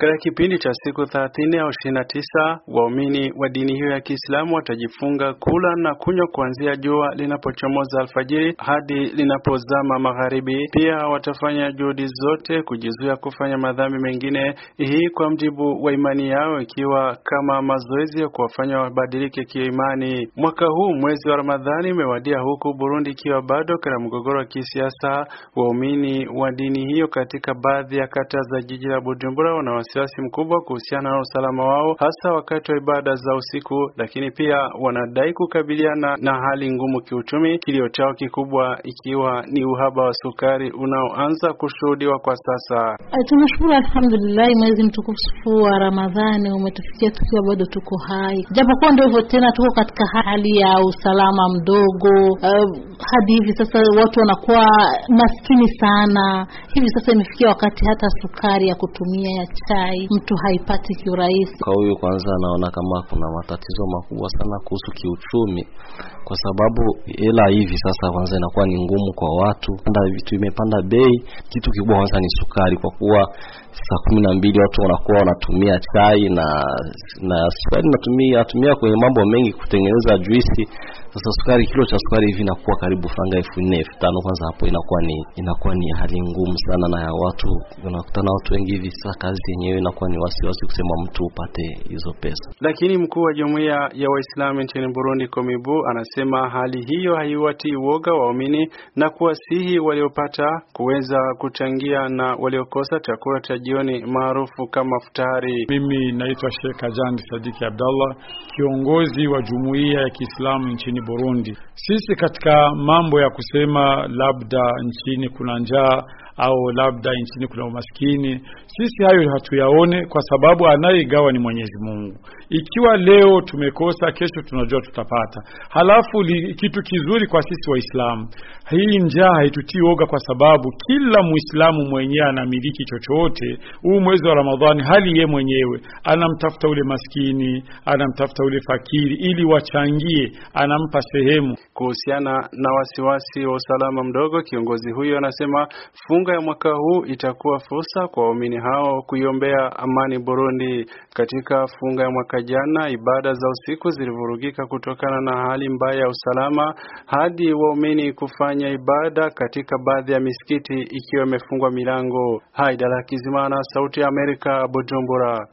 Katika kipindi cha siku 30 au 29 waumini wa dini hiyo ya Kiislamu watajifunga kula na kunywa kuanzia jua linapochomoza alfajiri hadi linapozama magharibi. Pia watafanya juhudi zote kujizuia kufanya madhambi mengine, hii kwa mjibu wa imani yao, ikiwa kama mazoezi ya kuwafanya wabadilike kiimani. Mwaka huu mwezi wa Ramadhani umewadia huku Burundi ikiwa bado katika mgogoro wa kisiasa. Waumini wa dini hiyo katika baadhi ya kata za jiji la Bujumbura wana wasiwasi mkubwa kuhusiana na usalama wao hasa wakati wa ibada za usiku, lakini pia wanadai kukabiliana na hali ngumu kiuchumi, kilio chao kikubwa ikiwa ni uhaba wa sukari unaoanza kushuhudiwa kwa sasa. Eh, tunashukuru alhamdulillah, mwezi mtukufu wa Ramadhani umetufikia tukiwa bado tuko hai, japokuwa ndio hivyo tena, tuko katika hali ya usalama mdogo. Uh, hadi hivi sasa watu wanakuwa maskini sana. Hivi sasa imefikia wakati hata sukari ya kutumia ya cha chai mtu haipati kiurahisi. Kwa huyu kwanza, anaona kama kuna matatizo makubwa sana kuhusu kiuchumi, kwa sababu hela hivi sasa kwanza inakuwa ni ngumu kwa watu, panda vitu imepanda bei. Kitu kikubwa kwanza ni sukari, kwa kuwa saa kumi na mbili watu wanakuwa wanatumia chai na na sukari natumia atumia kwenye mambo mengi kutengeneza juisi. Sasa sukari, kilo cha sukari hivi inakuwa karibu franga elfu nne elfu tano Kwanza hapo inakuwa ni inakuwa ni hali ngumu sana na ya watu, unakutana watu wengi hivi sasa kazi yenye yenyewe inakuwa ni wasiwasi kusema mtu upate hizo pesa. Lakini mkuu wa jumuiya ya Waislamu nchini Burundi, Komibu, anasema hali hiyo haiwatii woga waumini na kuwasihi waliopata kuweza kuchangia na waliokosa chakula cha jioni maarufu kama futari. Mimi naitwa Sheikh Ajandi Sadiki Abdallah, kiongozi wa jumuiya ya Kiislamu nchini Burundi. Sisi katika mambo ya kusema labda nchini kuna njaa au labda nchini kuna umaskini. Sisi hayo hatuyaone, kwa sababu anayeigawa ni Mwenyezi Mungu. Ikiwa leo tumekosa, kesho tunajua tutapata. Halafu li, kitu kizuri kwa sisi Waislamu, hii njaa haitutii oga, kwa sababu kila Muislamu mwenyewe anamiliki chochote. Huu mwezi wa Ramadhani, hali ye mwenyewe anamtafuta ule maskini, anamtafuta ule fakiri ili wachangie, anampa sehemu. Kuhusiana na wasiwasi wa usalama mdogo, kiongozi huyo anasema funga Funga ya mwaka huu itakuwa fursa kwa waumini hao kuiombea amani Burundi. Katika funga ya mwaka jana, ibada za usiku zilivurugika kutokana na hali mbaya ya usalama, hadi waumini kufanya ibada katika baadhi ya misikiti ikiwa imefungwa milango. Haidala Kizimana, Sauti ya Amerika, Bujumbura.